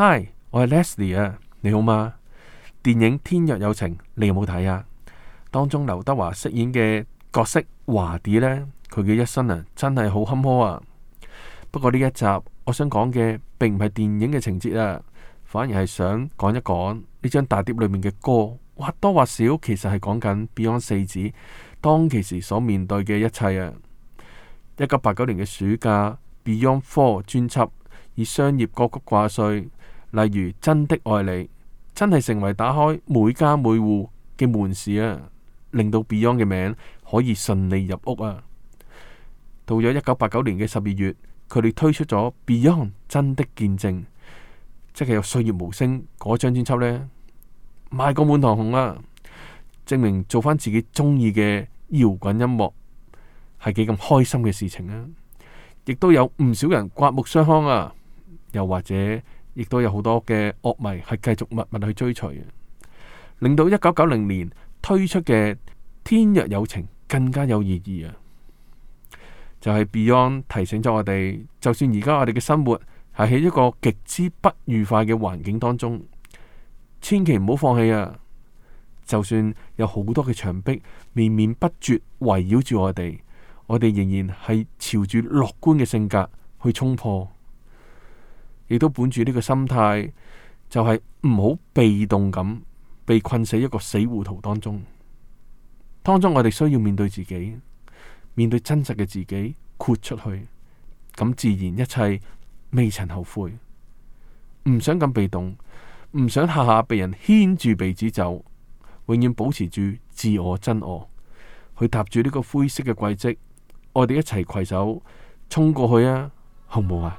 Hi，我係 Leslie 啊，你好嗎？電影《天若有情》，你有冇睇啊？當中劉德華飾演嘅角色華 Dee 呢，佢嘅一生啊，真係好坎坷啊。不過呢一集，我想講嘅並唔係電影嘅情節啊，反而係想講一講呢張大碟裏面嘅歌，或多或少其實係講緊 Beyond 四子當其時所面對嘅一切啊。一九八九年嘅暑假，《Beyond Four》專輯以商業歌曲掛帥。例如真的愛你，真係成為打開每家每戶嘅門市啊，令到 Beyond 嘅名可以順利入屋啊。到咗一九八九年嘅十二月，佢哋推出咗 Beyond 真的見證，即係有「歲月無聲」嗰張專輯呢，賣個滿堂紅啊，證明做返自己中意嘅搖滾音樂係幾咁開心嘅事情啊。亦都有唔少人颳目相看啊，又或者。亦都有好多嘅樂迷係繼續默默去追隨，令到一九九零年推出嘅《天若有情》更加有意義啊！就係、是、Beyond 提醒咗我哋，就算而家我哋嘅生活係喺一個極之不愉快嘅環境當中，千祈唔好放棄啊！就算有好多嘅牆壁綿綿不絕圍繞住我哋，我哋仍然係朝住樂觀嘅性格去衝破。亦都本住呢個心態，就係唔好被動咁被困死一個死胡同當中。當中我哋需要面對自己，面對真實嘅自己，豁出去，咁自然一切未曾後悔。唔想咁被動，唔想下下被人牽住鼻子走，永遠保持住自我真我，去踏住呢個灰色嘅軌跡。我哋一齊攜手衝過去啊，好唔好啊？